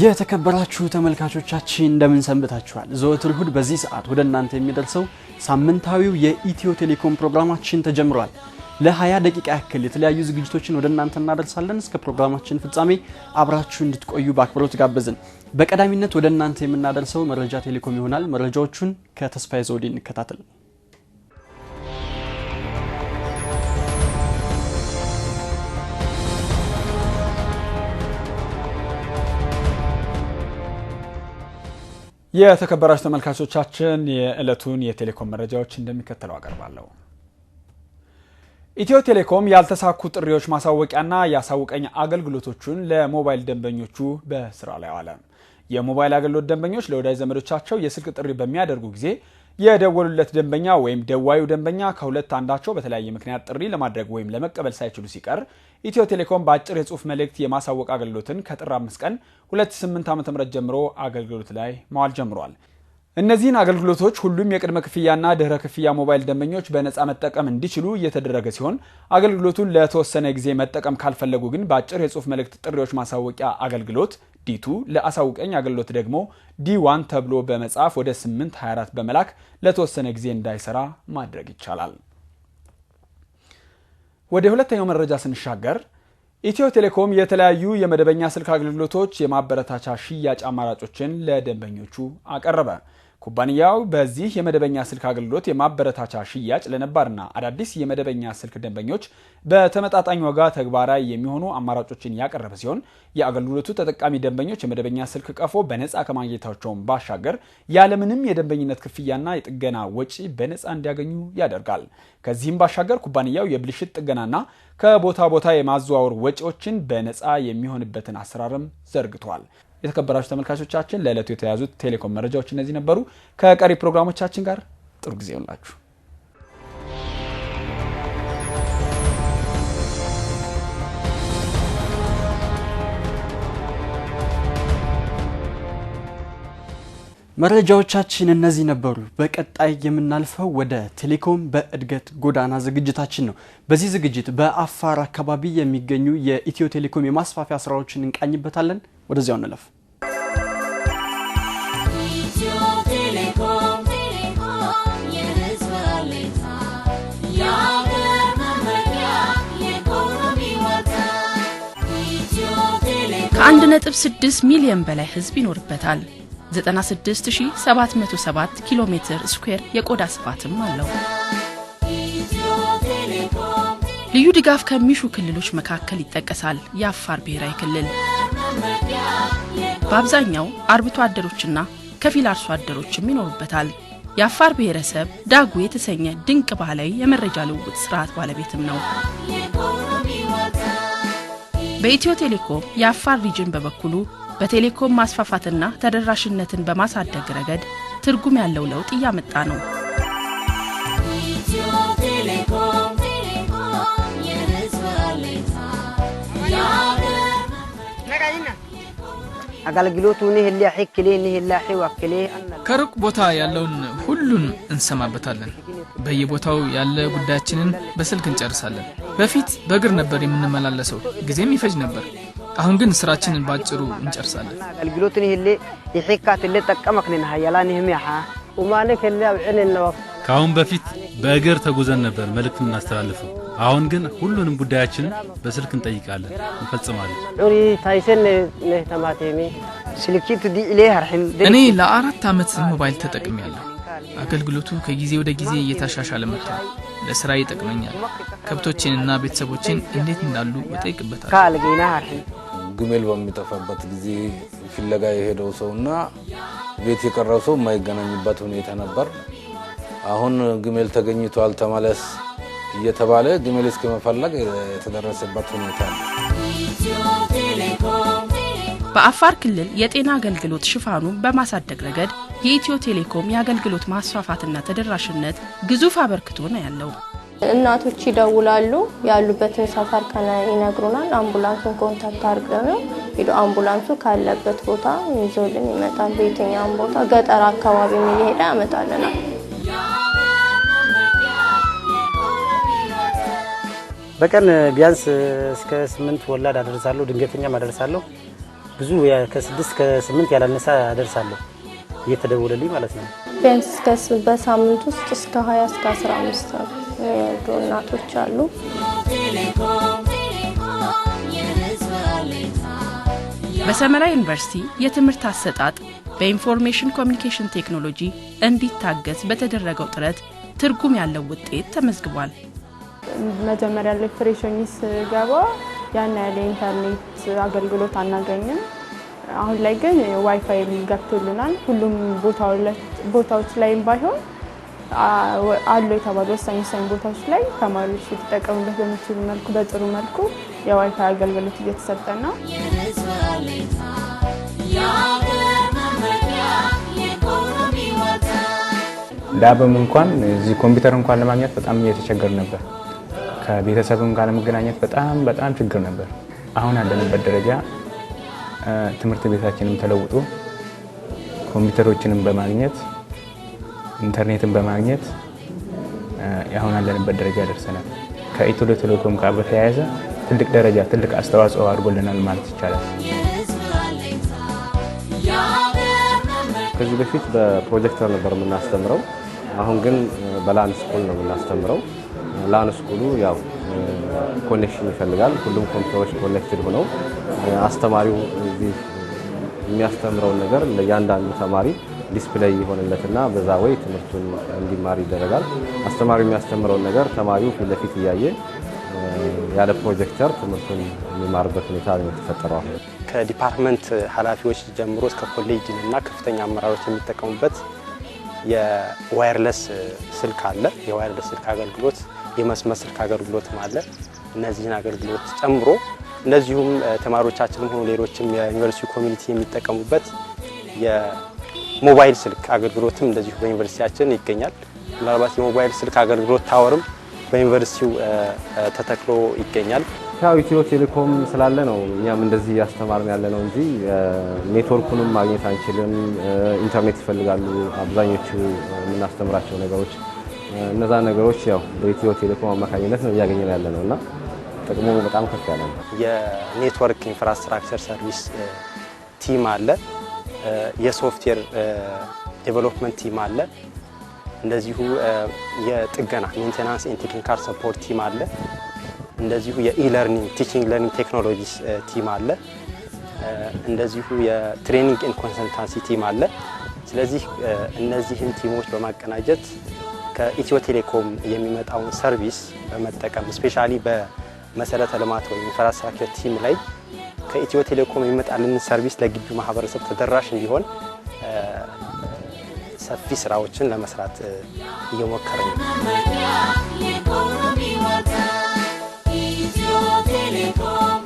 የተከበራችሁ ተመልካቾቻችን እንደምን ሰንብታችኋል? ዘወትር እሁድ በዚህ ሰዓት ወደ እናንተ የሚደርሰው ሳምንታዊው የኢትዮ ቴሌኮም ፕሮግራማችን ተጀምሯል። ለ20 ደቂቃ ያክል የተለያዩ ዝግጅቶችን ወደ እናንተ እናደርሳለን። እስከ ፕሮግራማችን ፍጻሜ አብራችሁ እንድትቆዩ በአክብሮት ጋበዝን። በቀዳሚነት ወደ እናንተ የምናደርሰው መረጃ ቴሌኮም ይሆናል። መረጃዎቹን ከተስፋዬ ዘውዴ እንከታተል። የተከበራችሁ ተመልካቾቻችን የዕለቱን የቴሌኮም መረጃዎች እንደሚከተለው አቀርባለሁ። ኢትዮ ቴሌኮም ያልተሳኩ ጥሪዎች ማሳወቂያና የአሳውቀኝ አገልግሎቶቹን ለሞባይል ደንበኞቹ በስራ ላይ አዋለ። የሞባይል አገልግሎት ደንበኞች ለወዳጅ ዘመዶቻቸው የስልክ ጥሪ በሚያደርጉ ጊዜ የደወሉለት ደንበኛ ወይም ደዋዩ ደንበኛ ከሁለት አንዳቸው በተለያየ ምክንያት ጥሪ ለማድረግ ወይም ለመቀበል ሳይችሉ ሲቀር ኢትዮ ቴሌኮም በአጭር የጽሁፍ መልእክት የማሳወቅ አገልግሎትን ከጥር 5 ቀን 2008 ም ጀምሮ አገልግሎት ላይ መዋል ጀምሯል። እነዚህን አገልግሎቶች ሁሉም የቅድመ ክፍያና ድህረ ክፍያ ሞባይል ደንበኞች በነፃ መጠቀም እንዲችሉ እየተደረገ ሲሆን አገልግሎቱን ለተወሰነ ጊዜ መጠቀም ካልፈለጉ ግን በአጭር የጽሁፍ መልእክት ጥሪዎች ማሳወቂያ አገልግሎት ዲቱ ለአሳውቀኝ አገልግሎት ደግሞ ዲዋን ተብሎ በመጻፍ ወደ 824 በመላክ ለተወሰነ ጊዜ እንዳይሰራ ማድረግ ይቻላል። ወደ ሁለተኛው መረጃ ስንሻገር ኢትዮ ቴሌኮም የተለያዩ የመደበኛ ስልክ አገልግሎቶች የማበረታቻ ሽያጭ አማራጮችን ለደንበኞቹ አቀረበ። ኩባንያው በዚህ የመደበኛ ስልክ አገልግሎት የማበረታቻ ሽያጭ ለነባርና አዳዲስ የመደበኛ ስልክ ደንበኞች በተመጣጣኝ ዋጋ ተግባራዊ የሚሆኑ አማራጮችን ያቀረበ ሲሆን የአገልግሎቱ ተጠቃሚ ደንበኞች የመደበኛ ስልክ ቀፎ በነፃ ከማግኘታቸውን ባሻገር ያለምንም የደንበኝነት ክፍያና የጥገና ወጪ በነፃ እንዲያገኙ ያደርጋል። ከዚህም ባሻገር ኩባንያው የብልሽት ጥገናና ከቦታ ቦታ የማዘዋወር ወጪዎችን በነፃ የሚሆንበትን አሰራርም ዘርግቷል። የተከበራችሁ ተመልካቾቻችን ለዕለቱ የተያዙት ቴሌኮም መረጃዎች እነዚህ ነበሩ። ከቀሪ ፕሮግራሞቻችን ጋር ጥሩ ጊዜ ይሁንላችሁ። መረጃዎቻችን እነዚህ ነበሩ። በቀጣይ የምናልፈው ወደ ቴሌኮም በእድገት ጎዳና ዝግጅታችን ነው። በዚህ ዝግጅት በአፋር አካባቢ የሚገኙ የኢትዮ ቴሌኮም የማስፋፊያ ስራዎችን እንቃኝበታለን። ወደዚያው እንለፍ። ከአንድ ነጥብ ስድስት ሚሊዮን በላይ ሕዝብ ይኖርበታል። 96707 ኪሎ ሜትር ስኩዌር የቆዳ ስፋትም አለው። ልዩ ድጋፍ ከሚሹ ክልሎች መካከል ይጠቀሳል የአፋር ብሔራዊ ክልል። በአብዛኛው አርብቶ አደሮችና ከፊል አርሶ አደሮችም ይኖሩበታል። የአፋር ብሔረሰብ ዳጉ የተሰኘ ድንቅ ባህላዊ የመረጃ ልውውጥ ስርዓት ባለቤትም ነው። በኢትዮ ቴሌኮም የአፋር ሪጅን በበኩሉ በቴሌኮም ማስፋፋትና ተደራሽነትን በማሳደግ ረገድ ትርጉም ያለው ለውጥ እያመጣ ነው። ከሩቅ ቦታ ያለውን ሁሉን እንሰማበታለን። በየቦታው ያለ ጉዳያችንን በስልክ እንጨርሳለን። በፊት በእግር ነበር የምንመላለሰው፣ ጊዜም ይፈጅ ነበር። አሁን ግን ስራችንን ባጭሩ እንጨርሳለን። ከአሁን በፊት በእግር ተጉዘን ነበር መልእክት የምናስተላልፈው። አሁን ግን ሁሉንም ጉዳያችንን በስልክ እንጠይቃለን፣ እንፈጽማለን። እኔ ለአራት ዓመት ሞባይል ተጠቅሜያለሁ። አገልግሎቱ ከጊዜ ወደ ጊዜ እየተሻሻለ መጥቷል። ለስራ ይጠቅመኛል። ከብቶችንና ቤተሰቦችን እንዴት እንዳሉ እጠይቅበታል። ግሜል በሚጠፋበት ጊዜ ፍለጋ የሄደው ሰውና ቤት የቀረው ሰው የማይገናኝበት ሁኔታ ነበር። አሁን ግሜል ተገኝቷል፣ ተመለስ እየተባለ ግመል እስከ መፈለግ የተደረሰበት ሁኔታ ነው። በአፋር ክልል የጤና አገልግሎት ሽፋኑን በማሳደግ ረገድ የኢትዮ ቴሌኮም የአገልግሎት ማስፋፋትና ተደራሽነት ግዙፍ አበርክቶ ነው ያለው። እናቶች ይደውላሉ፣ ያሉበትን ሰፈር ከና ይነግሩናል። አምቡላንሱን ኮንታክት አድርገ ነው ሄዶ አምቡላንሱ ካለበት ቦታ ይዞልን ይመጣል። በየትኛውም ቦታ ገጠር አካባቢ እየሄደ ያመጣልናል። በቀን ቢያንስ እስከ ስምንት ወላድ አደርሳለሁ፣ ድንገተኛም አደርሳለሁ። ብዙ ከስድስት ከስምንት ያላነሳ አደርሳለሁ እየተደወለልኝ ማለት ነው። ቢያንስ እስከ በሳምንት ውስጥ እስከ 20 እስከ 15 የወለዱ እናቶች አሉ። በሰመራ ዩኒቨርሲቲ የትምህርት አሰጣጥ በኢንፎርሜሽን ኮሚኒኬሽን ቴክኖሎጂ እንዲታገዝ በተደረገው ጥረት ትርጉም ያለው ውጤት ተመዝግቧል። መጀመሪያ ላይ ፍሬሽኝ ስገባ ያን ያለ ኢንተርኔት አገልግሎት አናገኝም። አሁን ላይ ግን ዋይፋይ ገብቶልናል። ሁሉም ቦታዎች ላይም ባይሆን አሉ የተባሉ ወሳኝ ወሳኝ ቦታዎች ላይ ተማሪዎች ሊጠቀሙበት በሚችሉ መልኩ በጥሩ መልኩ የዋይፋይ አገልግሎት እየተሰጠ ነው። ላብም እንኳን እዚህ ኮምፒውተር እንኳን ለማግኘት በጣም እየተቸገር ነበር። ከቤተሰብም ጋር ለመገናኘት በጣም በጣም ችግር ነበር። አሁን ያለንበት ደረጃ ትምህርት ቤታችንም ተለውጦ ኮምፒውተሮችንም በማግኘት ኢንተርኔትን በማግኘት አሁን ያለንበት ደረጃ ደርሰናል። ከኢትዮ ቴሌኮም ጋር በተያያዘ ትልቅ ደረጃ ትልቅ አስተዋጽኦ አድርጎልናል ማለት ይቻላል። ከዚህ በፊት በፕሮጀክተር ነበር የምናስተምረው። አሁን ግን በላንድ ስኩል ነው የምናስተምረው። ላን ስኩሉ ያው ኮኔክሽን ይፈልጋል። ሁሉም ኮምፒውተሮች ኮኔክትድ ሆነው አስተማሪው እዚህ የሚያስተምረውን ነገር ለእያንዳንዱ ተማሪ ዲስፕሌይ የሆነለትና በዛ ወይ ትምህርቱን እንዲማር ይደረጋል። አስተማሪው የሚያስተምረውን ነገር ተማሪው ፊት ለፊት እያየ ያለ ፕሮጀክተር ትምህርቱን የሚማርበት ሁኔታ ተፈጠረዋል። ከዲፓርትመንት ኃላፊዎች ጀምሮ እስከ ኮሌጅ እና ከፍተኛ አመራሮች የሚጠቀሙበት የዋየርለስ ስልክ አለ። የዋየርለስ ስልክ አገልግሎት የመስመር ስልክ አገልግሎትም አለ። እነዚህን አገልግሎት ጨምሮ እንደዚሁም ተማሪዎቻችንም ሆኑ ሌሎችም የዩኒቨርሲቲ ኮሚኒቲ የሚጠቀሙበት የሞባይል ስልክ አገልግሎትም እንደዚሁ በዩኒቨርሲቲያችን ይገኛል። ምናልባት የሞባይል ስልክ አገልግሎት ታወርም በዩኒቨርሲቲው ተተክሎ ይገኛል። ያው ኢትዮ ቴሌኮም ስላለ ነው እኛም እንደዚህ እያስተማርን ያለ ነው እንጂ ኔትወርኩንም ማግኘት አንችልም። ኢንተርኔት ይፈልጋሉ አብዛኞቹ የምናስተምራቸው ነገሮች እነዛ ነገሮች ያው በኢትዮ ቴሌኮም አማካኝነት ነው እያገኘን ያለ ነው እና ጥቅሙ በጣም ከፍ ያለ ነው። የኔትወርክ ኢንፍራስትራክቸር ሰርቪስ ቲም አለ፣ የሶፍትዌር ዴቨሎፕመንት ቲም አለ፣ እንደዚሁ የጥገና ሜንቴናንስ ኤንድ ቴክኒካል ሰፖርት ቲም አለ፣ እንደዚሁ የኢለርኒንግ ቲችንግ ለርኒንግ ቴክኖሎጂስ ቲም አለ፣ እንደዚሁ የትሬኒንግ ኤንድ ኮንሰልታንሲ ቲም አለ። ስለዚህ እነዚህን ቲሞች በማቀናጀት ከኢትዮ ቴሌኮም የሚመጣውን ሰርቪስ በመጠቀም ስፔሻሊ በመሰረተ ልማት ወይም ኢንፍራስትራክቸር ቲም ላይ ከኢትዮ ቴሌኮም የሚመጣልን ሰርቪስ ለግቢው ማህበረሰብ ተደራሽ እንዲሆን ሰፊ ስራዎችን ለመስራት እየሞከረ ነው። ኢትዮ ቴሌኮም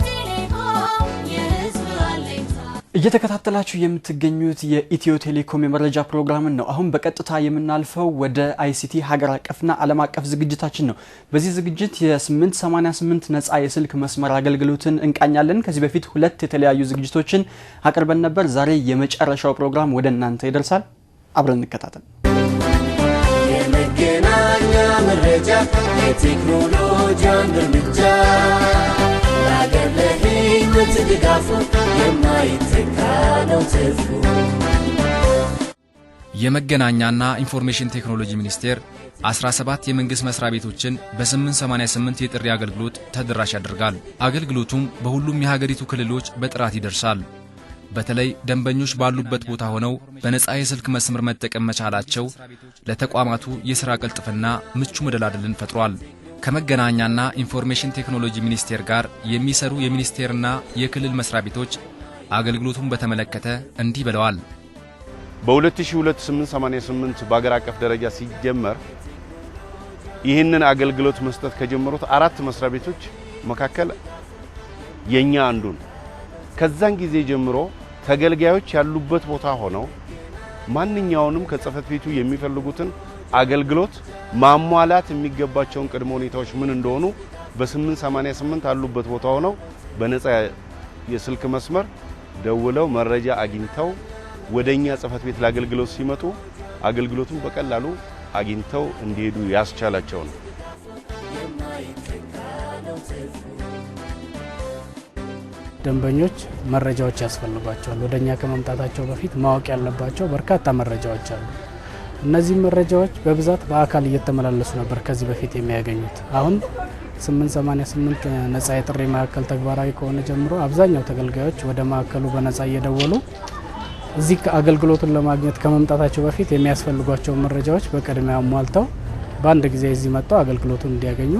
እየተከታተላችሁ የምትገኙት የኢትዮ ቴሌኮም የመረጃ ፕሮግራምን ነው። አሁን በቀጥታ የምናልፈው ወደ አይሲቲ ሀገር አቀፍና ዓለም አቀፍ ዝግጅታችን ነው። በዚህ ዝግጅት የ888 ነፃ የስልክ መስመር አገልግሎትን እንቃኛለን። ከዚህ በፊት ሁለት የተለያዩ ዝግጅቶችን አቅርበን ነበር። ዛሬ የመጨረሻው ፕሮግራም ወደ እናንተ ይደርሳል። አብረን እንከታተል። የመገናኛ መረጃ የቴክኖሎጂ አንድ እርምጃ የመገናኛና ኢንፎርሜሽን ቴክኖሎጂ ሚኒስቴር 17 የመንግሥት መሥሪያ ቤቶችን በ888 የጥሪ አገልግሎት ተደራሽ ያደርጋል። አገልግሎቱም በሁሉም የሀገሪቱ ክልሎች በጥራት ይደርሳል። በተለይ ደንበኞች ባሉበት ቦታ ሆነው በነፃ የስልክ መስመር መጠቀም መቻላቸው ለተቋማቱ የሥራ ቅልጥፍና ምቹ መደላደልን ፈጥሯል። ከመገናኛና ኢንፎርሜሽን ቴክኖሎጂ ሚኒስቴር ጋር የሚሰሩ የሚኒስቴርና የክልል መስሪያ ቤቶች አገልግሎቱን በተመለከተ እንዲህ ብለዋል። 2002 በሀገር አቀፍ ደረጃ ሲጀመር ይህንን አገልግሎት መስጠት ከጀመሩት አራት መስሪያ ቤቶች መካከል የኛ አንዱን ከዛን ጊዜ ጀምሮ ተገልጋዮች ያሉበት ቦታ ሆነው ማንኛውንም ከጽህፈት ቤቱ የሚፈልጉትን አገልግሎት ማሟላት የሚገባቸውን ቅድመ ሁኔታዎች ምን እንደሆኑ በ888 አሉበት ቦታ ሆነው በነፃ የስልክ መስመር ደውለው መረጃ አግኝተው ወደኛ ጽህፈት ቤት ለአገልግሎት ሲመጡ አገልግሎቱን በቀላሉ አግኝተው እንዲሄዱ ያስቻላቸው ነው። ደንበኞች መረጃዎች ያስፈልጓቸዋል። ወደኛ ከመምጣታቸው በፊት ማወቅ ያለባቸው በርካታ መረጃዎች አሉ። እነዚህ መረጃዎች በብዛት በአካል እየተመላለሱ ነበር ከዚህ በፊት የሚያገኙት። አሁን 888 ነጻ የጥሪ ማዕከል ተግባራዊ ከሆነ ጀምሮ አብዛኛው ተገልጋዮች ወደ ማዕከሉ በነጻ እየደወሉ እዚህ አገልግሎቱን ለማግኘት ከመምጣታቸው በፊት የሚያስፈልጓቸውን መረጃዎች በቅድሚያ ሟልተው በአንድ ጊዜ እዚህ መጥተው አገልግሎቱን እንዲያገኙ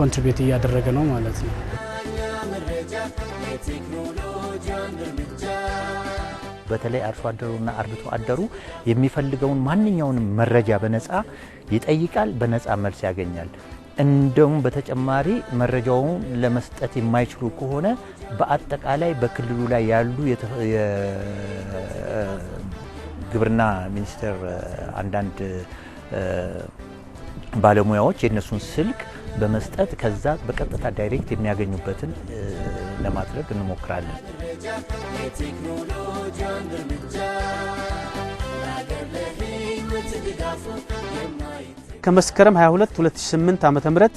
ኮንትሪቢዩት እያደረገ ነው ማለት ነው። በተለይ አርሶ አደሩና አርብቶ አደሩ የሚፈልገውን ማንኛውንም መረጃ በነፃ ይጠይቃል፣ በነፃ መልስ ያገኛል። እንደውም በተጨማሪ መረጃውን ለመስጠት የማይችሉ ከሆነ በአጠቃላይ በክልሉ ላይ ያሉ የግብርና ሚኒስቴር አንዳንድ ባለሙያዎች የእነሱን ስልክ በመስጠት ከዛ በቀጥታ ዳይሬክት የሚያገኙበትን ለማድረግ እንሞክራለን። ከመስከረም 22 2008 ዓ.ም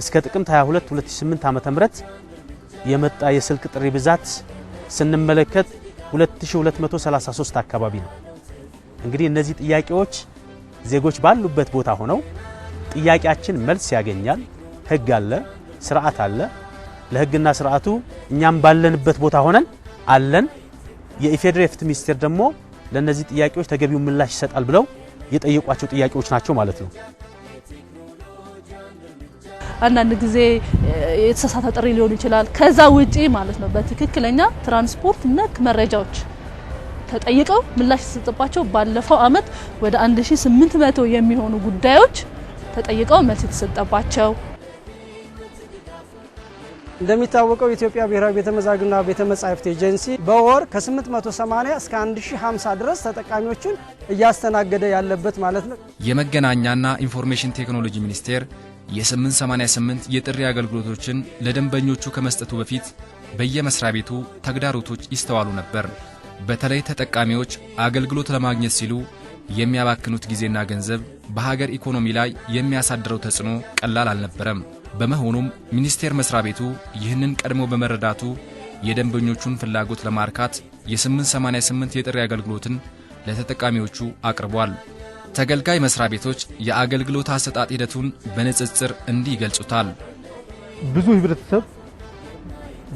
እስከ ጥቅምት 22 2008 ዓ.ም የመጣ የስልክ ጥሪ ብዛት ስንመለከት 2233 አካባቢ ነው። እንግዲህ እነዚህ ጥያቄዎች ዜጎች ባሉበት ቦታ ሆነው ጥያቄያችን መልስ ያገኛል። ህግ አለ፣ ስርዓት አለ። ለህግና ስርዓቱ እኛም ባለንበት ቦታ ሆነን አለን። የኢፌዴሪ የፍትህ ሚኒስቴር ደግሞ ለእነዚህ ጥያቄዎች ተገቢው ምላሽ ይሰጣል ብለው የጠየቋቸው ጥያቄዎች ናቸው ማለት ነው። አንዳንድ ጊዜ የተሳሳተ ጥሪ ሊሆን ይችላል። ከዛ ውጪ ማለት ነው በትክክለኛ ትራንስፖርት ነክ መረጃዎች ተጠይቀው ምላሽ የተሰጠባቸው ባለፈው አመት ወደ 1800 የሚሆኑ ጉዳዮች ተጠይቀው መልስ የተሰጠባቸው እንደሚታወቀው የኢትዮጵያ ብሔራዊ ቤተ መዛግብትና ቤተ መጻሕፍት ኤጀንሲ በወር ከ880 እስከ 1050 ድረስ ተጠቃሚዎችን እያስተናገደ ያለበት ማለት ነው። የመገናኛና ኢንፎርሜሽን ቴክኖሎጂ ሚኒስቴር የ888 የጥሪ አገልግሎቶችን ለደንበኞቹ ከመስጠቱ በፊት በየመስሪያ ቤቱ ተግዳሮቶች ይስተዋሉ ነበር። በተለይ ተጠቃሚዎች አገልግሎት ለማግኘት ሲሉ የሚያባክኑት ጊዜና ገንዘብ በሀገር ኢኮኖሚ ላይ የሚያሳድረው ተጽዕኖ ቀላል አልነበረም። በመሆኑም ሚኒስቴር መስሪያ ቤቱ ይህንን ቀድሞ በመረዳቱ የደንበኞቹን ፍላጎት ለማርካት የ888 የጥሪ አገልግሎትን ለተጠቃሚዎቹ አቅርቧል። ተገልጋይ መስሪያ ቤቶች የአገልግሎት አሰጣጥ ሂደቱን በንጽጽር እንዲህ ይገልጹታል። ብዙ ህብረተሰብ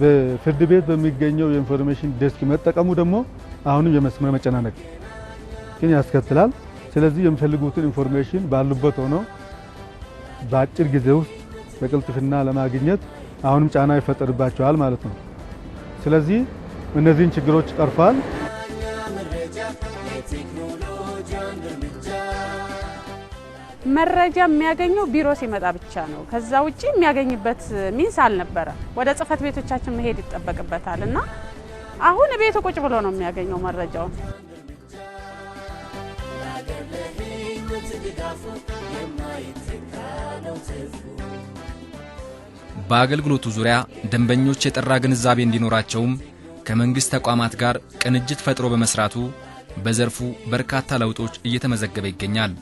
በፍርድ ቤት በሚገኘው የኢንፎርሜሽን ዴስክ መጠቀሙ ደግሞ አሁንም የመስመር መጨናነቅ ጭንቀትን ያስከትላል። ስለዚህ የሚፈልጉትን ኢንፎርሜሽን ባሉበት ሆነው በአጭር ጊዜ ውስጥ በቅልጥፍና ለማግኘት አሁንም ጫና ይፈጠርባቸዋል ማለት ነው። ስለዚህ እነዚህን ችግሮች ይቀርፋል። መረጃ የሚያገኘው ቢሮ ሲመጣ ብቻ ነው። ከዛ ውጭ የሚያገኝበት ሚንስ አልነበረ። ወደ ጽህፈት ቤቶቻችን መሄድ ይጠበቅበታል እና አሁን ቤቱ ቁጭ ብሎ ነው የሚያገኘው መረጃውን። በአገልግሎቱ ዙሪያ ደንበኞች የጠራ ግንዛቤ እንዲኖራቸውም ከመንግሥት ተቋማት ጋር ቅንጅት ፈጥሮ በመስራቱ በዘርፉ በርካታ ለውጦች እየተመዘገበ ይገኛል።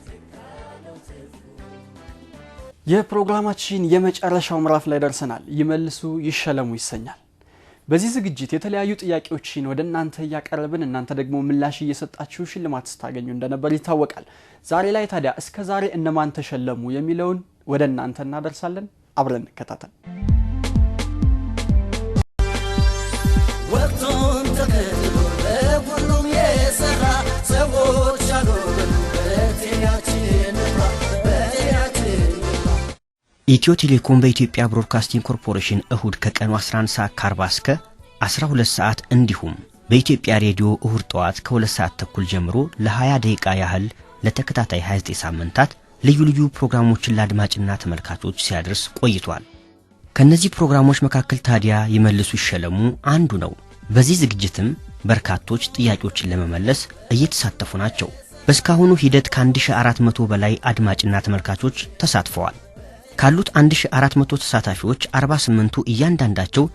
የፕሮግራማችን የመጨረሻው ምዕራፍ ላይ ደርሰናል። ይመልሱ ይሸለሙ ይሰኛል። በዚህ ዝግጅት የተለያዩ ጥያቄዎችን ወደ እናንተ እያቀረብን እናንተ ደግሞ ምላሽ እየሰጣችሁ ሽልማት ስታገኙ እንደነበር ይታወቃል። ዛሬ ላይ ታዲያ እስከ ዛሬ እነማን ተሸለሙ የሚለውን ወደ እናንተ እናደርሳለን። አብረን እንከታተል። ኢትዮ ቴሌኮም በኢትዮጵያ ብሮድካስቲንግ ኮርፖሬሽን እሁድ ከቀኑ 11 ሰዓት ከ40 እስከ 12 ሰዓት እንዲሁም በኢትዮጵያ ሬዲዮ እሁድ ጠዋት ከ2 ሰዓት ተኩል ጀምሮ ለ20 ደቂቃ ያህል ለተከታታይ 29 ሳምንታት ልዩ ልዩ ፕሮግራሞችን ለአድማጭና ተመልካቾች ሲያደርስ ቆይቷል። ከእነዚህ ፕሮግራሞች መካከል ታዲያ ይመልሱ ይሸለሙ አንዱ ነው። በዚህ ዝግጅትም በርካቶች ጥያቄዎችን ለመመለስ እየተሳተፉ ናቸው። በእስካሁኑ ሂደት ከ1400 በላይ አድማጭና ተመልካቾች ተሳትፈዋል። ካሉት 1400 ተሳታፊዎች 48ቱ እያንዳንዳቸው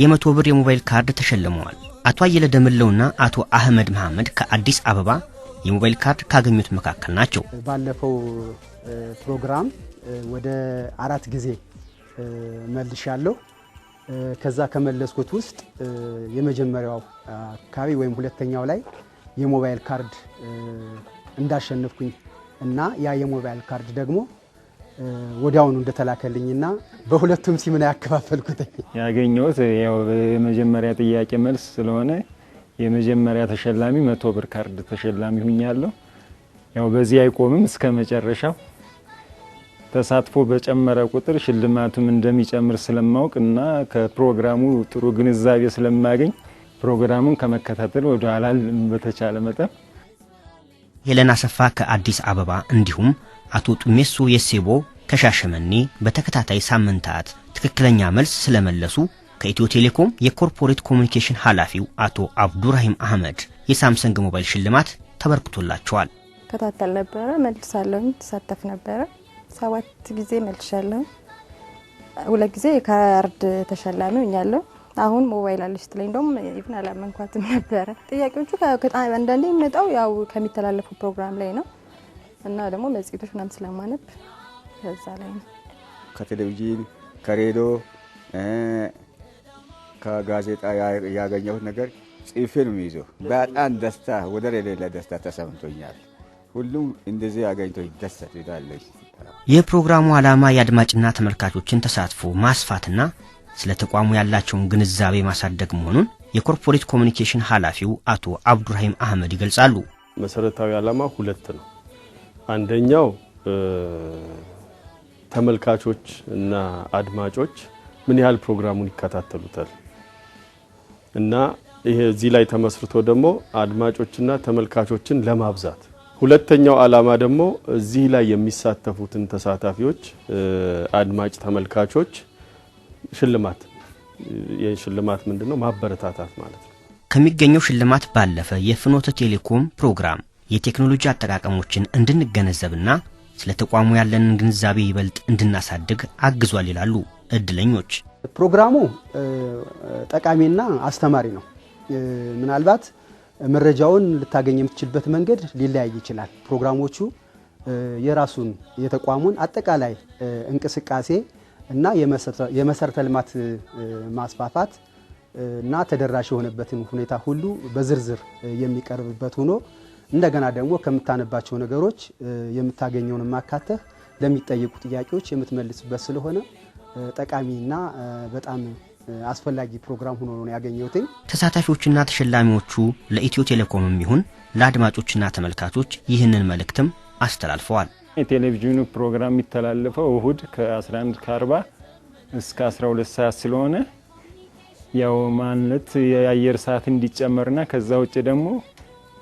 የመቶ ብር የሞባይል ካርድ ተሸልመዋል። አቶ አየለ ደምለውና አቶ አህመድ መሐመድ ከአዲስ አበባ የሞባይል ካርድ ካገኙት መካከል ናቸው። ባለፈው ፕሮግራም ወደ አራት ጊዜ መልሻለሁ። ከዛ ከመለስኩት ውስጥ የመጀመሪያው አካባቢ ወይም ሁለተኛው ላይ የሞባይል ካርድ እንዳሸነፍኩኝ እና ያ የሞባይል ካርድ ደግሞ ወዲያውኑ እንደተላከልኝና በሁለቱም ሲምን ያከፋፈልኩት። ያገኘሁት የመጀመሪያ ጥያቄ መልስ ስለሆነ የመጀመሪያ ተሸላሚ መቶ ብር ካርድ ተሸላሚ ሁኛለሁ። ያው በዚህ አይቆምም እስከ መጨረሻው ተሳትፎ በጨመረ ቁጥር ሽልማቱም እንደሚጨምር ስለማውቅ እና ከፕሮግራሙ ጥሩ ግንዛቤ ስለማገኝ ፕሮግራሙን ከመከታተል ወደ ኋላ በተቻለ መጠን ሄለን አሰፋ ከአዲስ አበባ እንዲሁም አቶ ጡሜሶ የሴቦ ከሻሸመኔ በተከታታይ ሳምንታት ትክክለኛ መልስ ስለመለሱ ከኢትዮ ቴሌኮም የኮርፖሬት ኮሚኒኬሽን ኃላፊው አቶ አብዱራሂም አህመድ የሳምሰንግ ሞባይል ሽልማት ተበርክቶላቸዋል። ከታተል ነበረ፣ መልሳለሁኝ፣ ተሳተፍ ነበረ። ሰባት ጊዜ መልሻለሁ። ሁለት ጊዜ የካርድ ተሸላሚ ሆኛለሁ። አሁን ሞባይል አለች ስትለኝ እንደውም ኢቭን አላመንኳትም ነበረ። ጥያቄዎቹ አንዳንዴ የሚመጣው ያው ከሚተላለፉ ፕሮግራም ላይ ነው። እና ደግሞ መጽሄቶች ምናምን ስለማነብ ከዛ ላይ ነው። ከቴሌቪዥን ከሬዲዮ ከጋዜጣ ያገኘሁት ነገር ጽፌ ነው በጣም ደስታ ወደር የሌለ ደስታ ተሰምቶኛል። ሁሉም እንደዚህ አገኝቶ ደሰት ይላለች። የፕሮግራሙ ዓላማ የአድማጭና ተመልካቾችን ተሳትፎ ማስፋትና ስለ ተቋሙ ያላቸውን ግንዛቤ ማሳደግ መሆኑን የኮርፖሬት ኮሚኒኬሽን ኃላፊው አቶ አብዱራሂም አህመድ ይገልጻሉ። መሰረታዊ ዓላማ ሁለት ነው። አንደኛው ተመልካቾች እና አድማጮች ምን ያህል ፕሮግራሙን ይከታተሉታል እና ይሄ እዚህ ላይ ተመስርቶ ደግሞ አድማጮችና ተመልካቾችን ለማብዛት ሁለተኛው ዓላማ ደግሞ እዚህ ላይ የሚሳተፉትን ተሳታፊዎች አድማጭ ተመልካቾች ሽልማት የሽልማት ምንድነው ማበረታታት ማለት ነው። ከሚገኘው ሽልማት ባለፈ የፍኖተ ቴሌኮም ፕሮግራም የቴክኖሎጂ አጠቃቀሞችን እንድንገነዘብና ስለ ተቋሙ ያለንን ግንዛቤ ይበልጥ እንድናሳድግ አግዟል ይላሉ እድለኞች። ፕሮግራሙ ጠቃሚና አስተማሪ ነው። ምናልባት መረጃውን ልታገኝ የምትችልበት መንገድ ሊለያይ ይችላል። ፕሮግራሞቹ የራሱን የተቋሙን አጠቃላይ እንቅስቃሴ እና የመሰረተ ልማት ማስፋፋት እና ተደራሽ የሆነበትን ሁኔታ ሁሉ በዝርዝር የሚቀርብበት ሆኖ እንደገና ደግሞ ከምታነባቸው ነገሮች የምታገኘውን ማካተህ ለሚጠየቁ ጥያቄዎች የምትመልስበት ስለሆነ ጠቃሚና በጣም አስፈላጊ ፕሮግራም ሆኖ ነው ያገኘሁትኝ። ተሳታፊዎችና ተሸላሚዎቹ ለኢትዮ ቴሌኮም ይሁን ለአድማጮችና ተመልካቾች ይህንን መልእክትም አስተላልፈዋል። የቴሌቪዥኑ ፕሮግራም የሚተላለፈው እሁድ ከ11 ከ40 እስከ 12 ሰዓት ስለሆነ ያው ማለት የአየር ሰዓት እንዲጨመርና ከዛ ውጭ ደግሞ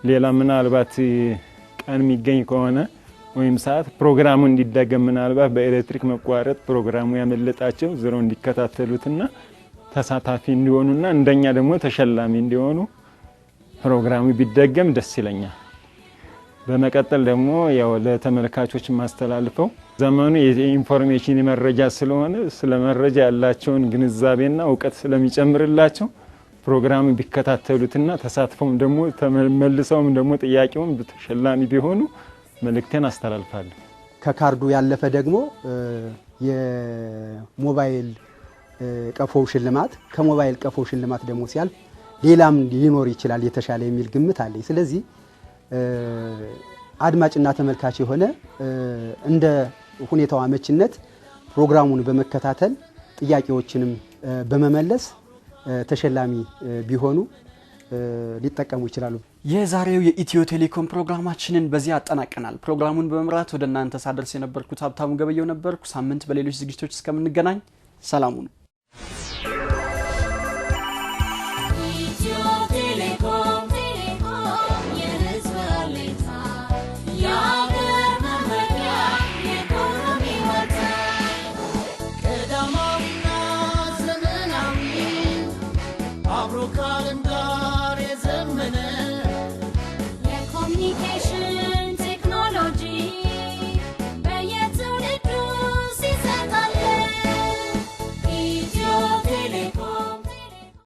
ሌላ ምናልባት ቀን የሚገኝ ከሆነ ወይም ሰዓት ፕሮግራሙ እንዲደገም ምናልባት በኤሌክትሪክ መቋረጥ ፕሮግራሙ ያመለጣቸው ዝረው እንዲከታተሉትና ተሳታፊ እንዲሆኑና እንደኛ ደግሞ ተሸላሚ እንዲሆኑ ፕሮግራሙ ቢደገም ደስ ይለኛል። በመቀጠል ደግሞ ያው ለተመልካቾች የማስተላልፈው ዘመኑ የኢንፎርሜሽን መረጃ ስለሆነ ስለ መረጃ ያላቸውን ግንዛቤና እውቀት ስለሚጨምርላቸው ፕሮግራም ቢከታተሉትና ተሳትፎም ደግሞ ተመልሰውም ደግሞ ጥያቄውም ተሸላሚ ቢሆኑ መልእክቴን አስተላልፋለሁ። ከካርዱ ያለፈ ደግሞ የሞባይል ቀፎ ሽልማት ከሞባይል ቀፎ ሽልማት ደግሞ ሲያልፍ ሌላም ሊኖር ይችላል የተሻለ የሚል ግምት አለኝ። ስለዚህ አድማጭና ተመልካች የሆነ እንደ ሁኔታው አመችነት ፕሮግራሙን በመከታተል ጥያቄዎችንም በመመለስ ተሸላሚ ቢሆኑ ሊጠቀሙ ይችላሉ። የዛሬው የኢትዮ ቴሌኮም ፕሮግራማችንን በዚህ አጠናቀናል። ፕሮግራሙን በመምራት ወደ እናንተ ሳደርስ የነበርኩት ሀብታሙ ገበየው ነበርኩ። ሳምንት በሌሎች ዝግጅቶች እስከምንገናኝ ሰላሙ ነው።